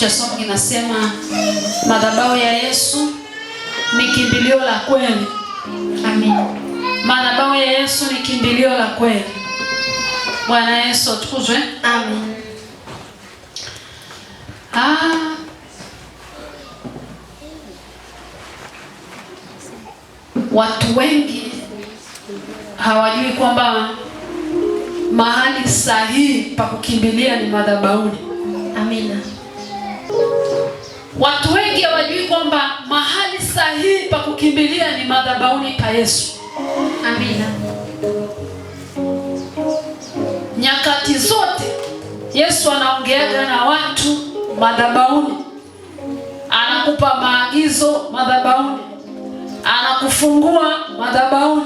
cha somo kinasema madhabahu ya Yesu ni kimbilio la kweli. Amen. Madhabahu ya Yesu ni kimbilio la kweli. Bwana Yesu atukuzwe. Amen. Ah. Watu wengi hawajui kwamba mahali sahihi pa kukimbilia ni madhabahuni. Amina. Watu wengi hawajui kwamba mahali sahihi pa kukimbilia ni madhabahuni pa Yesu. Amina. Nyakati zote Yesu anaongeaga na watu madhabahuni, anakupa maagizo madhabahuni, anakufungua madhabahuni.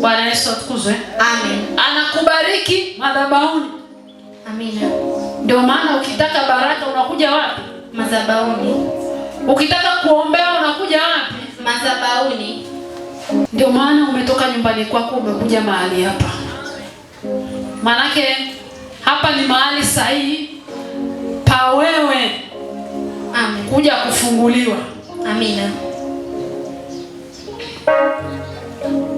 Bwana Yesu atukuzwe. Amen. Anakubariki madhabahuni. Amina. Ndio maana ukitaka baraka unakuja wapi? Madhabahuni. Ukitaka kuombea unakuja wapi? Madhabahuni. Ndio maana umetoka nyumbani kwako umekuja mahali hapa, maanake hapa ni mahali sahihi pa wewe kuja kufunguliwa. Amina.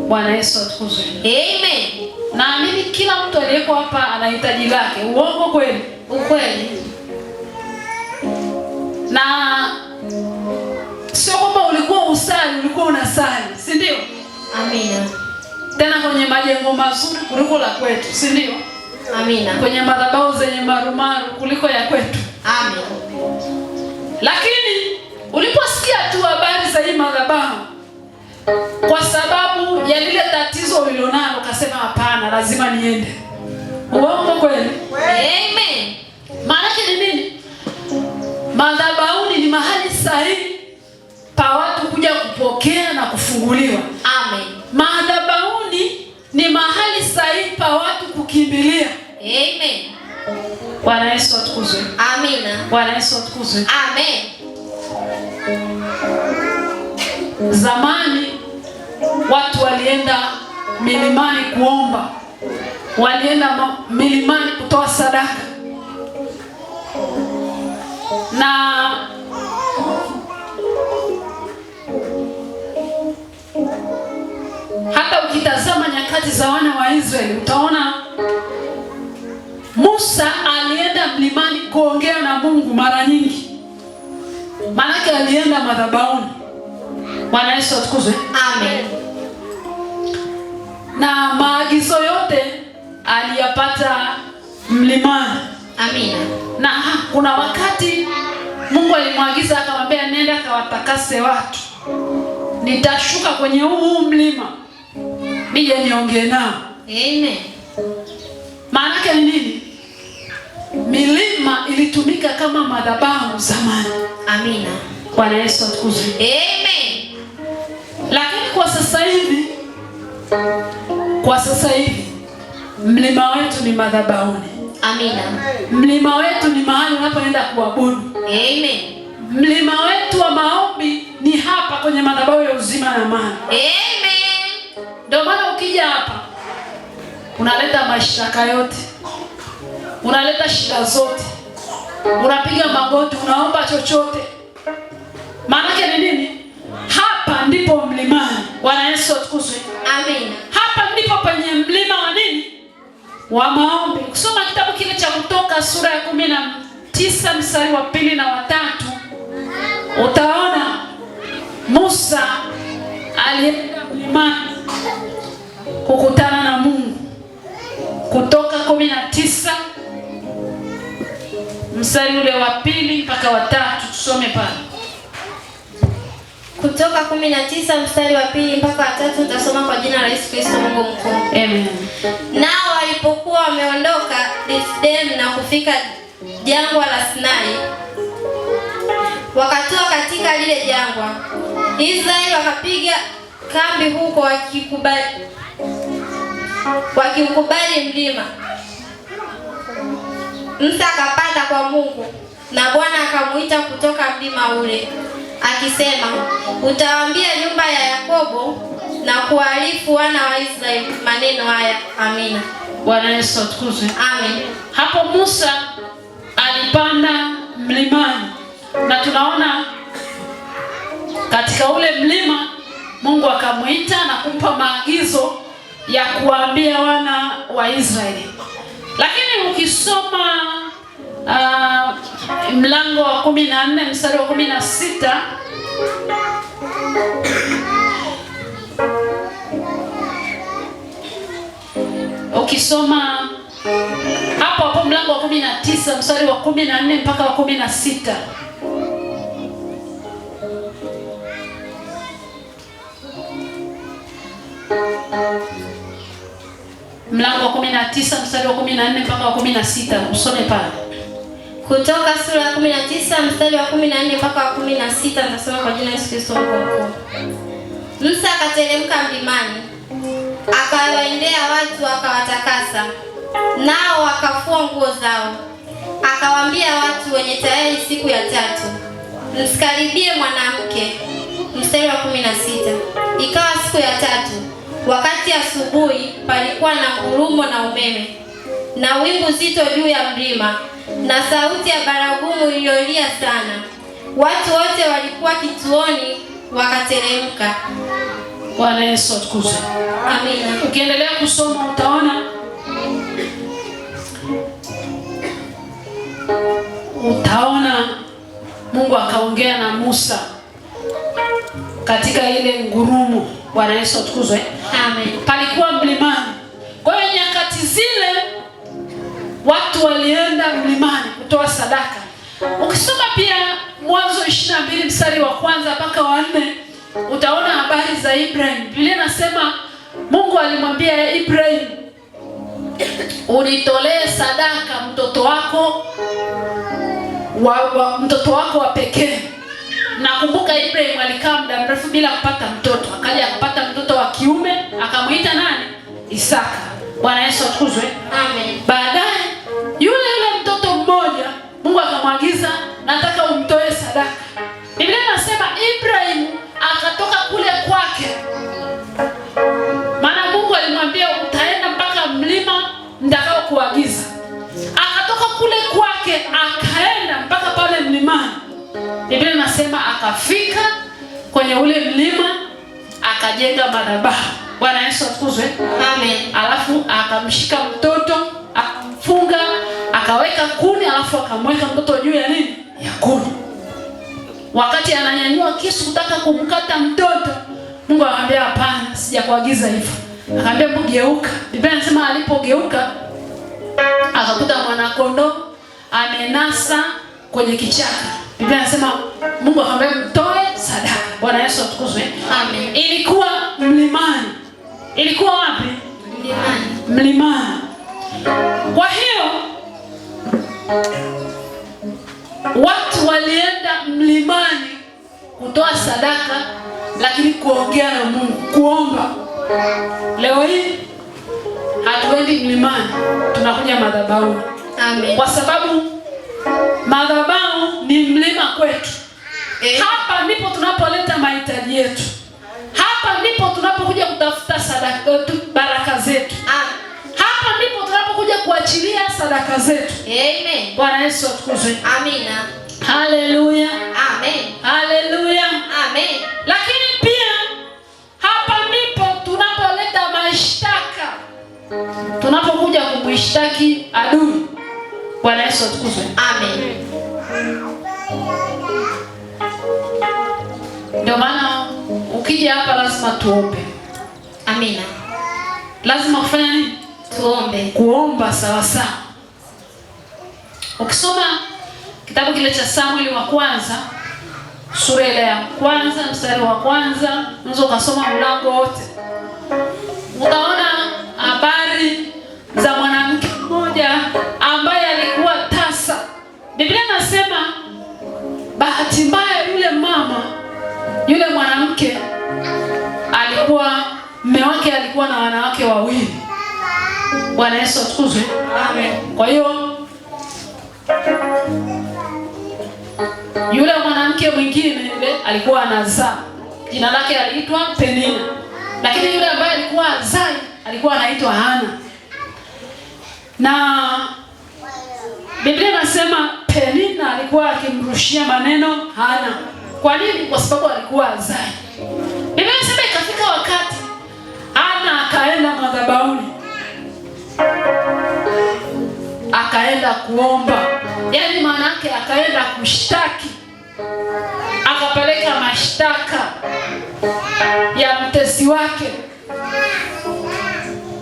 Bwana Yesu atukuzwe. Amen. Naamini kila mtu aliyeko hapa anahitaji lake. Uongo kweli? ukweli, na sio kwamba ulikuwa usali, ulikuwa unasali, si ndio? Amina. Tena kwenye majengo mazuri kuliko la kwetu, si ndio? Amina. Kwenye madhabahu zenye marumaru kuliko ya kwetu. Amina. Lakini uliposikia tu habari za hii madhabahu kwa sababu ya lile tatizo ulilonalo, kasema hapana, lazima niende. Uongo kweli? Amen. Maana ni nini? Madhabahuni ni mahali sahihi pa watu kuja kupokea na kufunguliwa. Amen. Madhabahuni ni mahali sahihi pa watu kukimbilia. Amen. Bwana Yesu atukuzwe. Amina. Bwana Yesu atukuzwe. Amen. Zamani watu walienda milimani kuomba walienda milimani kutoa sadaka na hata ukitazama nyakati za wana wa Israeli utaona Musa alienda mlimani kuongea na Mungu mara nyingi, maanake alienda madhabahuni. Bwana Yesu atukuzwe, amen. Na maagizo yote aliyapata mlimani. Amina. Na ha, kuna wakati Mungu alimwagiza akamwambia, nenda akawatakase watu, nitashuka kwenye huu mlima nije niongee nao. Amen. Maana yake ni nini? Milima ilitumika kama madhabahu zamani. Amina. Bwana Yesu atukuzwe. Amen. Lakini kwa sasa hivi, kwa sasa hivi Mlima wetu ni madhabahuni. Amina. Mlima wetu ni mahali unapoenda kuabudu. Amen. Mlima wetu wa maombi ni hapa kwenye madhabahu ya uzima na amani. Amen. Ndio maana ukija hapa unaleta mashtaka yote, unaleta shida zote, unapiga magoti, unaomba chochote. Maanake ni nini? Hapa ndipo mlimani. Bwana Yesu atukuzwe. wa maombi, kusoma kitabu kile cha Kutoka sura ya kumi na tisa mstari wa pili na watatu, utaona Musa alienda mlimani kukutana na Mungu. Kutoka kumi na tisa mstari ule wa pili mpaka watatu, tusome pale. Kutoka 19 mstari wa pili mpaka watatu utasoma kwa jina la Yesu Kristo Mungu mkuu. Amen. Nao walipo wameondoka Refidim na kufika jangwa la Sinai, wakatoa katika lile jangwa. Israeli wakapiga kambi huko wakikubali, wakikubali mlima. Musa akapanda kwa Mungu na Bwana akamuita kutoka mlima ule akisema, utawaambia nyumba ya Yakobo na kuwaarifu wana wa Israeli maneno haya. Amina. Bwana Yesu atukuzwe. Amen. Hapo Musa alipanda mlimani na tunaona katika ule mlima Mungu akamwita na kumpa maagizo ya kuwaambia wana wa Israeli. Lakini ukisoma uh, mlango wa 14 mstari wa 16 ukisoma hapo hapo mlango wa kumi na tisa mstari wa kumi na nne mpaka wa kumi na sita mlango wa kumi na tisa mstari wa kumi na nne mpaka wa kumi na sita usome pale. Kutoka sura ya kumi na tisa mstari wa kumi na nne mpaka wa kumi na sita kwa jina la Yesu Kristo Musa akateremka mlimani akawaendea watu akawatakasa, nao wakafua nguo zao. Akawaambia watu wenye tayari siku ya tatu, msikaribie mwanamke. Mstari wa kumi na sita ikawa siku ya tatu wakati asubuhi, palikuwa na ngurumo na umeme na wingu zito juu ya mlima na sauti ya baragumu iliyolia sana. Watu wote walikuwa kituoni wakateremka Bwana Yesu atukuzwe. Amina. Ukiendelea kusoma utaona utaona Mungu akaongea na Musa katika ile ngurumo. Bwana Yesu atukuzwe. Amen. Palikuwa mlimani. Kwa hiyo nyakati zile watu walienda mlimani kutoa sadaka. Ukisoma pia Mwanzo 22 mstari wa kwanza mpaka wa Utaona habari za Ibrahim. Biblia inasema Mungu alimwambia Ibrahim, unitolee sadaka mtoto wako wa, wa, mtoto wako wa pekee. Nakumbuka Ibrahim alikaa muda mrefu bila kupata mtoto, akaja akapata mtoto wa kiume akamwita nani? Isaka. Bwana Yesu atukuzwe. Amen. Baada Biblia inasema akafika kwenye ule mlima akajenga madhabahu. Bwana Yesu atukuzwe. Amen. Alafu akamshika mtoto akamfunga, akaweka kuni, alafu akamweka mtoto juu ya nini? Ya kuni. Wakati ananyanyua kisu kutaka kumkata mtoto, Mungu akamwambia hapana, sijakuagiza hivyo. Akamwambia hebu geuka. Biblia inasema alipogeuka akakuta mwanakondoo amenasa kwenye kichaka. Biblia inasema Mungu akamwambia mtoe sadaka. Bwana Yesu atukuzwe. Amen. Ilikuwa mlimani. Ilikuwa wapi? Mlimani. Mlimani. Kwa hiyo watu walienda mlimani kutoa sadaka, lakini kuongea na Mungu, kuomba. Leo hii hatuendi mlimani, tunakuja madhabahu. Amen. Kwa sababu madhabahu ni mlima kwetu. Eh? Hapa ndipo tunapoleta mahitaji yetu, hapa ndipo tunapokuja kutafuta sadaka eh, baraka zetu, ah. hapa ndipo tunapokuja kuachilia sadaka zetu. Amen. Bwana Yesu atukuzwe. Amina. Haleluya. Amen. Haleluya. Amen. Lakini pia hapa ndipo tunapoleta mashtaka, tunapokuja kumshtaki adui. Bwana Yesu atukuzwe. Amen. Ndio maana ukija hapa lazima tuombe. Amina. Lazima kufanya nini? Tuombe. Kuomba sawa sawa. Ukisoma kitabu kile cha Samuel wa kwanza sura ile ya kwanza mstari wa kwanza unaweza ukasoma mlango wote. Utaona Bwana Yesu atukuzwe. Amen. Kwa hiyo yule mwanamke mwingine yule alikuwa anazaa, jina lake aliitwa Penina, lakini yule ambaye alikuwa azai alikuwa anaitwa Hana, na Biblia inasema Penina alikuwa akimrushia maneno Hana. Kwa nini? Kwa sababu alikuwa azai. Biblia inasema ikafika wakati Hana akaenda madhabahuni akaenda kuomba, yaani maana yake akaenda kushtaki, akapeleka mashtaka ya mtesi wake.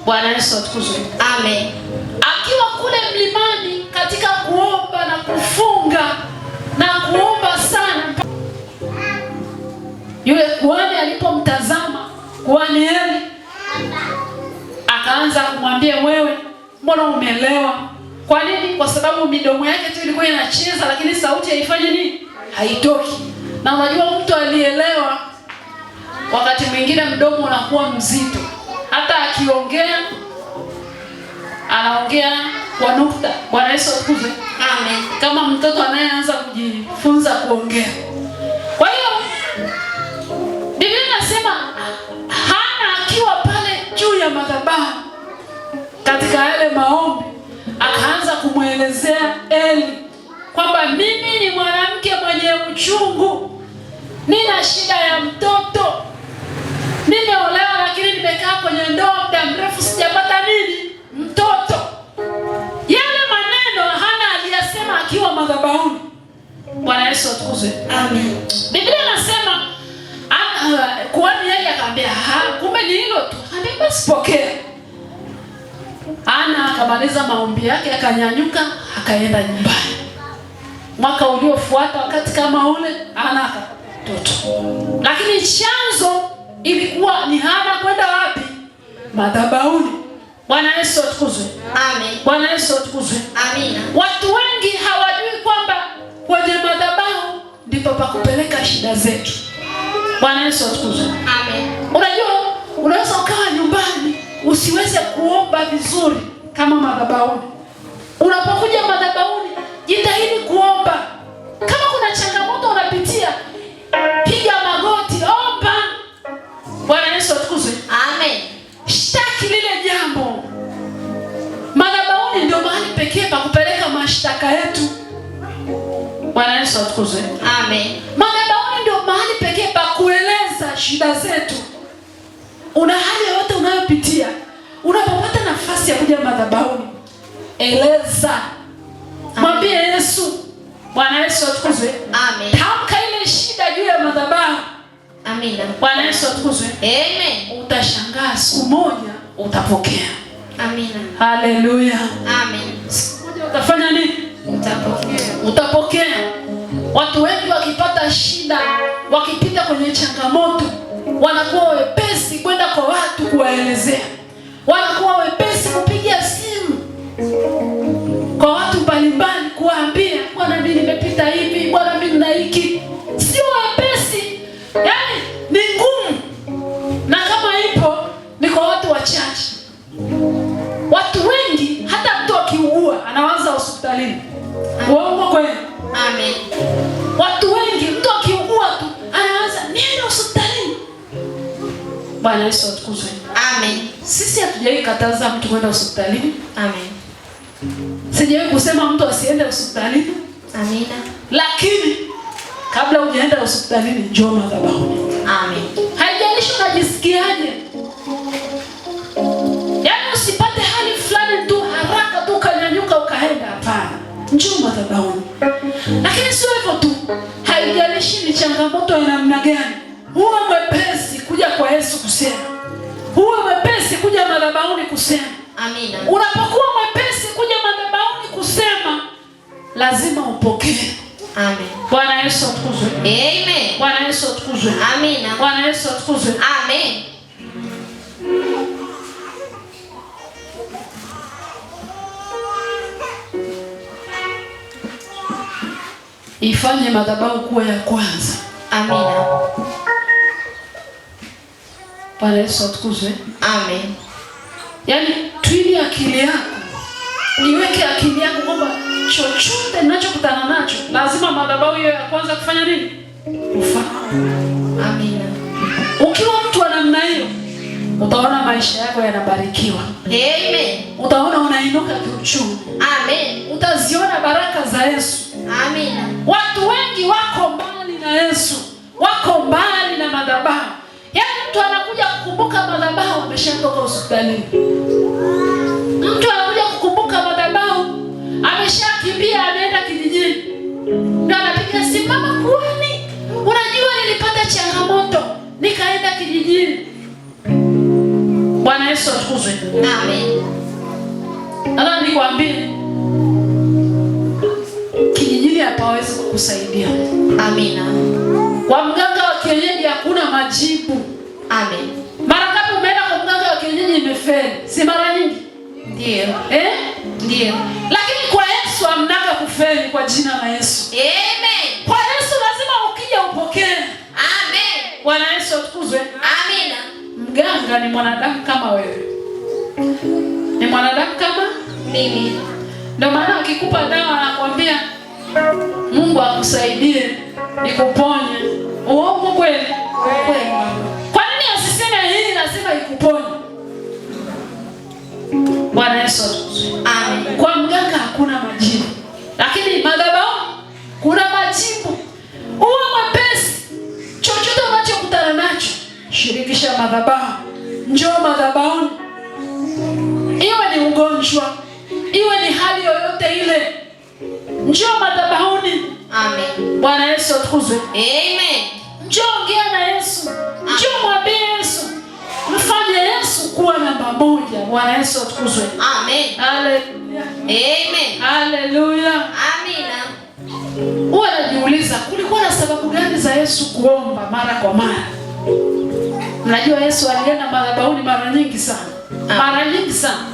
Bwana Yesu atukuzwe, amen. Akiwa kule mlimani katika kuomba na kufunga na kuomba sana, yule kuhani alipomtazama kuhani Eli akaanza kumwambia, wewe mbona umelewa? Kwa nini? Kwa sababu midomo yake tu ilikuwa inacheza, lakini sauti haifanye nini? Haitoki. Na unajua mtu alielewa, wakati mwingine mdomo unakuwa mzito, hata akiongea anaongea kwa nukta. Bwana Yesu atukuzwe, amen. Kama mtoto anayeanza kujifunza kuongea. Kwa hiyo Biblia inasema Hana akiwa pale juu ya madhabahu katika yale maombi akaanza kumwelezea Eli kwamba mimi ni mwanamke mwenye uchungu, nina shida ya mtoto, nimeolewa lakini nimekaa kwenye ndoa muda mrefu, sijapata nini mtoto. Yale maneno Hana aliyasema akiwa madhabahuni. Bwana Yesu atukuzwe, amen. Biblia inasema ah, ah, kuhani yeye akaambia, ah, kumbe ni hilo tu, akaambia basi pokea akamaliza maombi yake, akanyanyuka akaenda nyumbani. Mwaka uliofuata wakati kama ule ana mtoto, lakini chanzo ilikuwa ni Hana kwenda wapi? Madhabahuni. Bwana Yesu atukuzwe. Amen. Bwana Yesu atukuzwe. Amina. Watu wengi hawajui kwamba kwenye madhabahu ndipo pakupeleka shida zetu. Bwana Yesu atukuzwe. Amen. Unajua, unaweza ukawa nyumbani usiweze kuomba vizuri kama madhabahuni. Unapokuja madhabahuni, jitahidi kuomba. Kama kuna changamoto unapitia, piga magoti, omba. Bwana Yesu atukuzwe. Amen. Shtaki lile jambo. Madhabahuni ndio mahali pekee pa kupeleka mashtaka yetu. Bwana Yesu atukuzwe. Amen. Madhabahuni ndio mahali pekee pa kueleza shida zetu. Una hali yoyote unayopitia unapopata nafasi ya kuja madhabahuni, eleza, mwambie Yesu, Bwana Yesu atukuzwe. Amen. Tamka ile shida juu ya madhabahu. Amina. Bwana Yesu atukuzwe. Amen. Utashangaa siku moja utapokea. Amina. Haleluya. Amen. utafanya nini? Utapokea. Utapokea. Watu wengi wakipata shida, wakipita kwenye changamoto, wanakuwa wepesi kwenda kwa watu kuwaelezea wanakuwa wepesi kupigia simu kwa watu mbalimbali. kumtaka mtu kwenda hospitalini. Amen. Sijawe kusema mtu asiende hospitalini. Amina. Lakini kabla hujaenda hospitalini njoo madhabahuni. Amen. Haijalishi unajisikiaje. Yaani usipate hali fulani tu haraka tu ukanyanyuka ukaenda, hapana. Njoo madhabahuni. Lakini sio hivyo tu. Haijalishi ni changamoto ya namna gani. Huwa mwepesi kuja kwa Yesu kusema. Huwa mwepesi mwepesi kuja madhabahuni kusema amina. Unapokuwa mwepesi kuja madhabahuni kusema, lazima upokee. Amen. Bwana Yesu atukuzwe. Amen. Bwana Yesu atukuzwe. Amina. Bwana Yesu atukuzwe. Amen. Ifanye madhabahu kuwa ya kwanza. Amina. Bwana Yesu atukuzwe. Amen. Yaani twini akili yako, niweke akili yako kwamba chochote ninachokutana nacho lazima madhabahu hiyo ya kwanza kufanya nini? Kufa. Amina. Ukiwa mtu wa namna hiyo utaona maisha yako yanabarikiwa. Amen. Utaona unainuka kiuchumi. Amen. Utaziona baraka za Yesu. Amina. Watu wengi wako mbali na Yesu, wako mbali na madhabahu Yaani mtu anakuja kukumbuka madhabahu ameshatoka hospitalini. Mtu anakuja kukumbuka madhabahu ameshakimbia ameenda kijijini. Ndio anapiga simu, mama kwani unajua nilipata changamoto nikaenda kijijini. Bwana Yesu atukuzwe. Amen. Ala nikwambie kijijini hapawezi kukusaidia. Amina. Kwa mganga wa kienyeji hakuna majibu. Amen. Mara ngapi umeenda kwa mganga wa kienyeji imefeli? Si mara nyingi? Ndiyo. Eh? Ndiyo. Lakini kwa Yesu hamnaga kufeli kwa jina la Yesu. Amen. Kwa Yesu lazima ukija upokee. Amen. Bwana Yesu atukuzwe. Amen. Mganga ni mwanadamu kama wewe. Ni mwanadamu kama mimi. Ndio maana akikupa dawa anakuambia Mungu akusaidie nikuponye. Uongo kweli? Kwa nini asiseme hili lazima ikuponye? Bwana Yesu Amen. Kwa mganga hakuna majibu, lakini madhabahu kuna majibu. Uwe mwepesi, chochote unachokutana nacho shirikisha madhabahu, njoo madhabahuni, iwe ni ugonjwa, iwe ni hali yoyote ile, njoo madhabahuni. Amen. Bwana Yesu atukuzwe. Amen. Njoo ongea na Yesu. Njoo mwambie Yesu. Mfanye Yesu kuwa namba moja. Bwana Yesu atukuzwe. Amen. Hallelujah. Amen. Hallelujah. Amina. Huwa najiuliza kulikuwa na sababu gani za Yesu kuomba mara kwa mara? Mnajua Yesu alienda madhabahuni mara nyingi sana. Ah. Mara nyingi sana.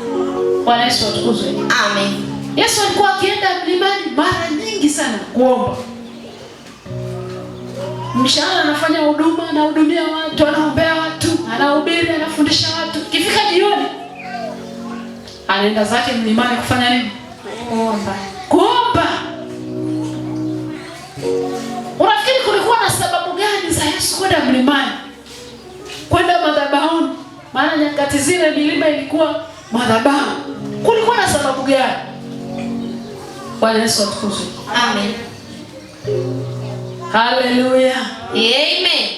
Bwana Yesu atukuzwe. Amen. Yesu alikuwa akienda mlimani mara nyingi nyingi sana kuomba. Mshahara anafanya huduma, anahudumia watu, anaombea watu, anahubiri, anafundisha watu. kifika jioni anaenda zake mlimani kufanya nini? Kuomba. Kuomba. Unafikiri kulikuwa na sababu gani za Yesu kwenda mlimani? Kwenda madhabahuni. Maana nyakati zile milima ilikuwa madhabahu. Kulikuwa na sababu gani? Bwana Yesu atukuzwe. Amen. Haleluya. Amen.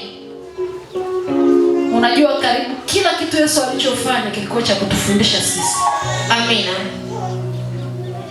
Unajua karibu kila kitu Yesu alichofanya kilikuwa cha kutufundisha sisi. Amina.